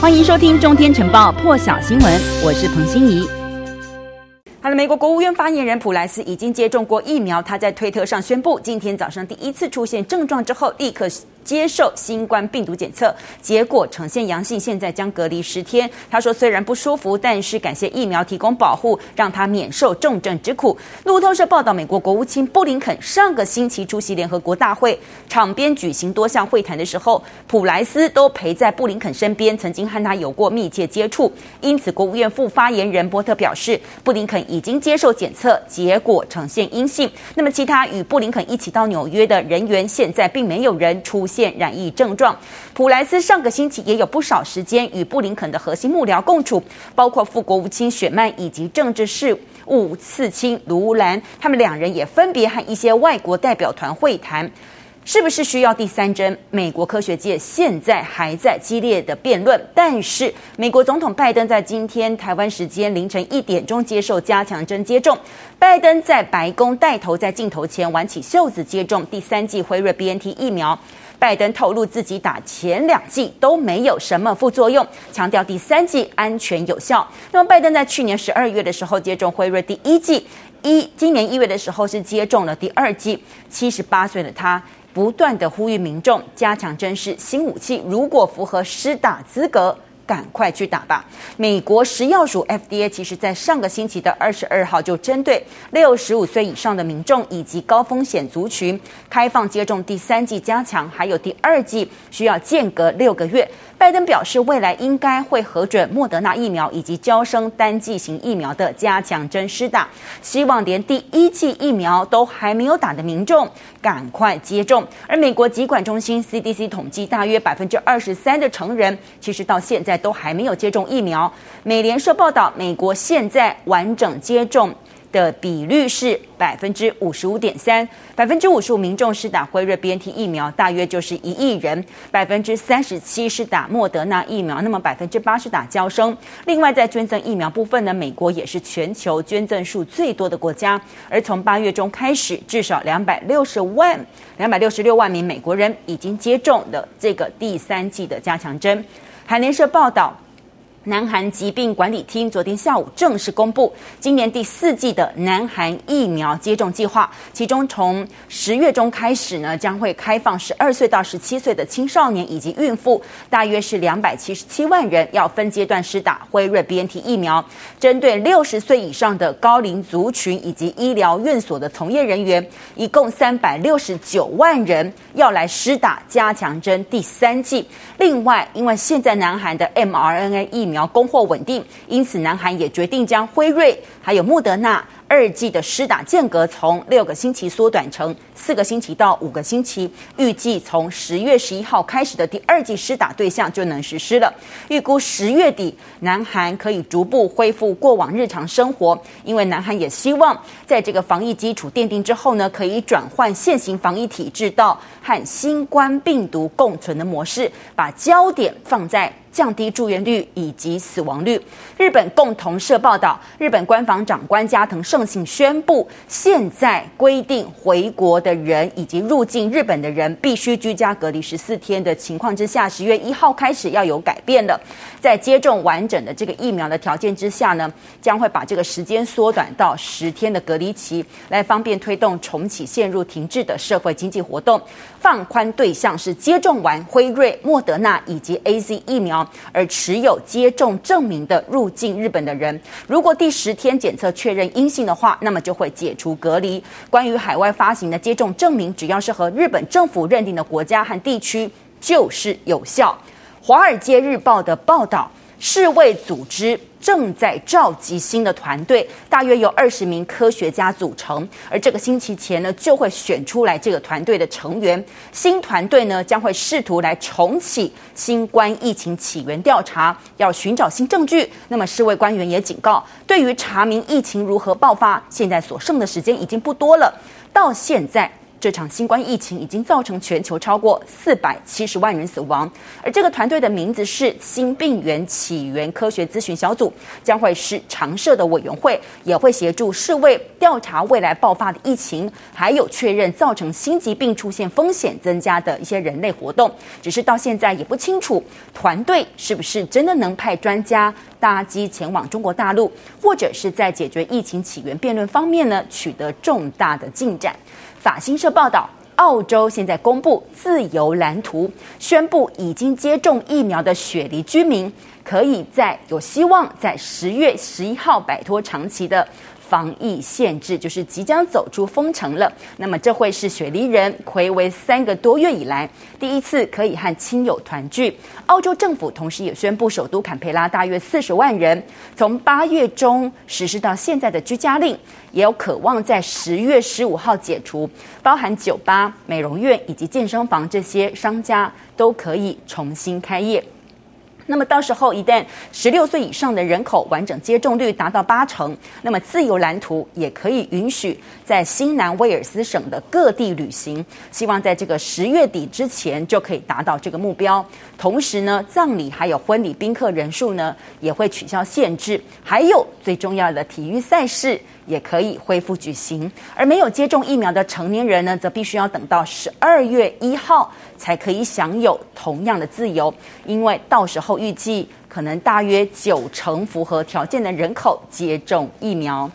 歡迎收聽《中天晨報》破曉新聞，我是彭欣怡。好了，美國國務院發言人普萊斯已經接種過疫苗，他在推特上宣布，今天早上第一次出現症狀之後，立刻。接受新冠病毒檢測，結果呈現陽性，現在將隔離十天。他說：“雖然不舒服，但是感謝疫苗提供保護，讓他免受重症之苦。”路透社報道，美國國務卿布林肯上個星期出席聯合國大會，場邊舉行多項會談的時候，普萊斯都陪在布林肯身邊，曾經和他有過密切接觸。因此，國務院副發言人波特表示，布林肯已經接受檢測，結果呈現陰性。那麼，其他與布林肯一起到紐約的人員，現在並沒有人出現。現染疫症狀，普萊斯上個星期也有不少時間與布林肯的核心幕僚共處，包括副國務卿雪曼以及政治事務次卿盧，盧蘭。他們兩人也分別和一些外國代表團會談。是不是需要第三針？美國科學界現在還在激烈的辯論。但是美國總統拜登在今天台灣時間凌晨一點鐘接受加強針接種。拜登在白宮帶頭在鏡頭前挽起袖子接種第三劑輝瑞 BNT 疫苗。拜登透露，自己打前兩劑都沒有什麼副作用，強調第三劑安全有效。那麼，拜登在去年十二月的時候接種輝瑞第一劑，一今年一月的時候是接種了第二劑。七十八歲的他，不斷的呼籲民眾加強針是新武器，如果符合施打資格。趕快去打吧！美國食藥署 FDA 其實，在上個星期的二十二號，就針對六十五歲以上的民眾以及高風險族群，開放接種第三劑加強，還有第二劑需要間隔六個月。拜登表示，未來應該會核准莫德納疫苗以及嬌生單劑型疫苗的加強針施打，希望連第一劑疫苗都還沒有打的民眾趕快接種。而美國疾管中心 CDC 統計，大約百分之二十三的成人，其實到現在。都還沒有接種疫苗。美聯社報道，美國現在完整接種的比率是百分之五十五點三，百分之五十五民眾是打輝瑞 B N T 疫苗，大約就是一億人；百分之三十七是打莫德納疫苗，那麼百分之八是打嬌生。另外，在捐贈疫苗部分呢，美國也是全球捐贈數最多的國家。而從八月中開始，至少兩百六十萬、兩百六十六萬名美國人已經接種了這個第三劑的加強針。韓聯社報道。南韓疾病管理廳昨天下午正式公布今年第四季的南韓疫苗接種計劃，其中從十月中開始呢，將會開放十二歲到十七歲的青少年以及孕婦，大約是兩百七十七萬人要分階段施打輝瑞 BNT 疫苗；針對六十歲以上的高齡族群以及醫療院所的從業人員，一共三百六十九萬人要來施打加強針第三劑。另外，因為現在南韓的 mRNA 疫苗然後供貨穩定，因此南韓也決定將輝瑞還有莫德納二劑的施打間隔從六個星期縮短成四個星期到五個星期，預計從十月十一號開始的第二劑施打對象就能實施了。預估十月底，南韓可以逐步恢復過往日常生活，因為南韓也希望在這個防疫基礎奠定之後呢，可以轉換現行防疫體制到和新冠病毒共存的模式，把焦點放在降低住院率以及死亡率。日本共同社報道，日本官房長官加藤勝信宣布，現在規定回國的。的人以及入境日本的人必須居家隔離十四天的情況之下，十月一號開始要有改變的。在接種完整的這個疫苗的條件之下呢，將會把這個時間縮短到十天的隔離期，來方便推動重啟陷入停滯的社會經濟活動。放寬對象是接種完輝瑞、莫德納以及 AZ 疫苗而持有接種證明的入境日本的人。如果第十天檢測確認陰性的話，那麼就會解除隔離。關於海外發行的接這種證明，只要是和日本政府認定的國家和地區，就是有效。《華爾街日報》的報道，世衛組織正在召集新的團隊，大約有二十名科學家組成，而這個星期前呢，就會選出來這個團隊的成員。新團隊呢，將會試圖來重啟新冠疫情起源調查，要尋找新證據。那麼，世衛官員也警告，對於查明疫情如何爆發，現在所剩的時間已經不多了。到現在，這場新冠疫情已經造成全球超過四百七十萬人死亡，而這個團隊的名字是新病原起源科學諮詢小組，將會是常設的委員會，也會協助世衛調查未來爆發的疫情，還有確認造成新疾病出現風險增加的一些人類活動。只是到現在也不清楚，團隊是不是真的能派專家搭機前往中國大陸，或者是在解決疫情起源辯論方面呢取得重大的進展。法新社報導，澳洲現在公布自由藍圖，宣布已經接種疫苗的雪梨居民，可以在有希望在十月十一號擺脫長期的防疫限制，就是即將走出封城了，那麼這會是雪梨人睽違三個多月以來第一次可以和親友團聚。澳洲政府同時也宣布，首都坎培拉大約四十萬人從八月中實施到現在的居家令，也有渴望在十月十五號解除，包含酒吧、美容院以及健身房這些商家都可以重新開業。那麼到時候一旦十六歲以上的人口完整接種率達到八成，那麼自由藍圖也可以允許在新南威爾斯省的各地旅行。希望在這個十月底之前就可以達到這個目標。同時呢，葬禮還有婚禮賓客人數呢，也會取消限制。還有最重要的體育賽事。也可以恢復舉行，而沒有接種疫苗的成年人呢，則必須要等到十二月一號才可以享有同樣的自由，因為到時候預計可能大約九成符合條件的人口接種疫苗。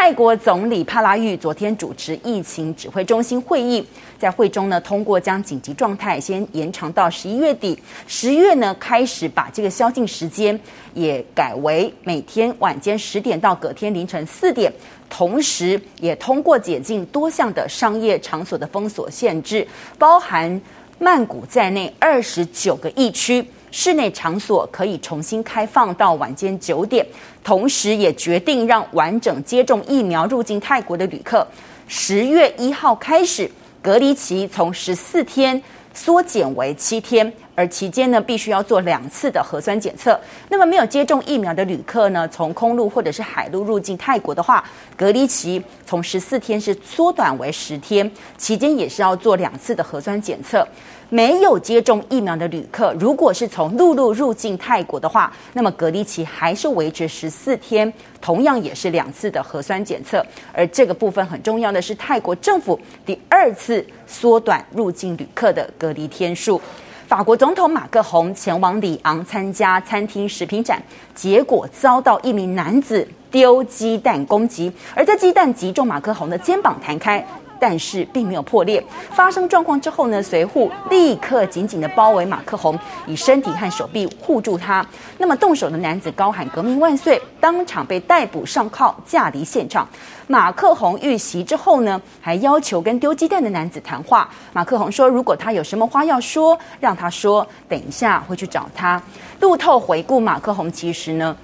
泰國總理帕拉育昨天主持疫情指揮中心會議，在會中呢，通過將緊急狀態先延長到十一月底，十月呢開始把這個宵禁時間也改為每天晚間十點到隔天凌晨四點，同時也通過解禁多項的商業場所的封鎖限制，包含曼谷在內二十九個疫區。室內場所可以重新開放到晚間九點，同時也決定讓完整接種疫苗入境泰國的旅客，十月一號開始隔離期從十四天縮減為七天，而期間呢必須要做兩次的核酸檢測。那麼沒有接種疫苗的旅客呢，從空路或者是海路入境泰國的話，隔離期從十四天是縮短為十天，期間也是要做兩次的核酸檢測。沒有接種疫苗的旅客，如果是從陸路入境泰國的話，那麼隔離期還是維持十四天，同樣也是兩次的核酸檢測。而這個部分很重要的是，泰國政府第二次縮短入境旅客的隔離天數。法國總統馬克宏前往里昂參加餐廳食品展，結果遭到一名男子丟雞蛋攻擊，而這雞蛋擊中馬克宏的肩膀彈開。但是並沒有破裂。發生狀況之後呢，隨扈立刻緊緊的包圍馬克宏，以身體和手臂護住他。那麼動手的男子高喊“革命萬歲”，當場被逮捕上銬，架離現場。馬克宏遇襲之後呢，還要求跟丟雞蛋的男子談話。馬克宏說：“如果他有什麼話要說，讓他說，等一下會去找他。”路透回顧馬克宏，其實呢。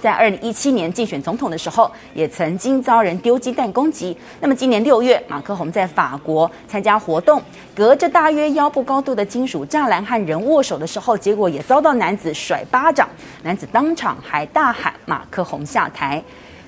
在二零一七年競選總統的時候，也曾經遭人丟雞蛋攻擊。那麼今年六月，馬克宏在法國參加活動，隔着大約腰部高度的金屬柵欄和人握手的時候，結果也遭到男子甩巴掌，男子當場還大喊“馬克宏下台”。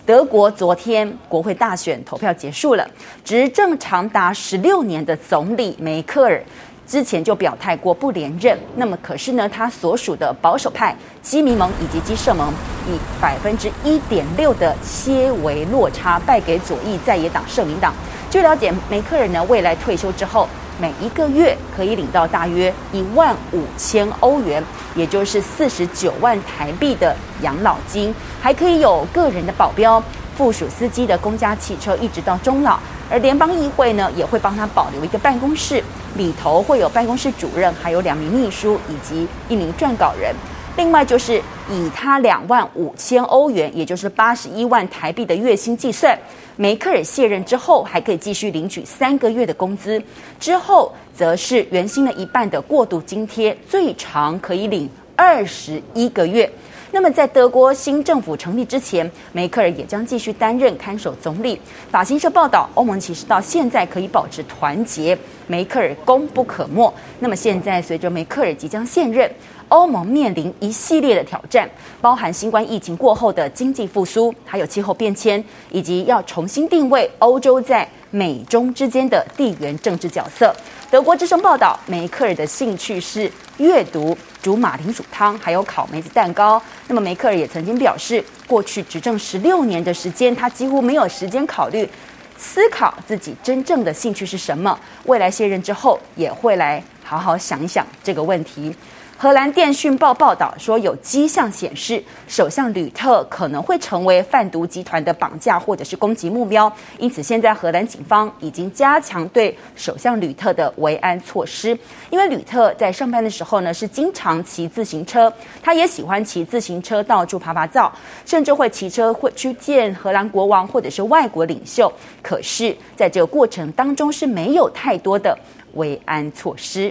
德國昨天國會大選投票結束了，執政長達十六年的總理梅克爾。之前就表態過不連任，那麼可是呢，他所屬的保守派基民盟以及基社盟以百分之一點六的些微落差敗給左翼在野黨社民黨。據了解，梅克爾呢未來退休之後，每一個月可以領到大約一萬五千歐元，也就是四十九萬台幣的養老金，還可以有個人的保鏢、附屬司機的公家汽車，一直到終老。而聯邦議會呢，也會幫他保留一個辦公室，裡頭會有辦公室主任，還有兩名秘書以及一名撰稿人。另外就是以他兩萬五千歐元，也就是八十一萬台幣的月薪計算，梅克爾卸任之後還可以繼續領取三個月的工資，之後則是原薪的一半的過渡津貼，最長可以領二十一個月，那麼在德國新政府成立之前，梅克爾也將繼續擔任看守總理。法新社報道，歐盟其實到現在可以保持團結，梅克爾功不可沒。那麼現在，隨着梅克爾即將卸任，歐盟面臨一系列的挑戰，包含新冠疫情過後的經濟復甦，還有氣候變遷，以及要重新定位歐洲在美中之間的地緣政治角色。德國之聲報道，梅克爾的興趣是閱讀、煮馬鈴薯湯，還有烤梅子蛋糕。那麼，梅克爾也曾經表示，過去執政十六年的時間，他幾乎沒有時間考慮、思考自己真正的興趣是什麼。未來卸任之後，也會來好好想一想這個問題。荷蘭電訊報報道說，有跡象顯示，首相呂特可能會成為販毒集團的綁架或者是攻擊目標，因此現在荷蘭警方已經加強對首相呂特的維安措施。因為呂特在上班的時候呢，是經常騎自行車，他也喜歡騎自行車到處趴趴走，甚至會騎車會去見荷蘭國王或者是外國領袖。可是，在這個過程當中是沒有太多的維安措施。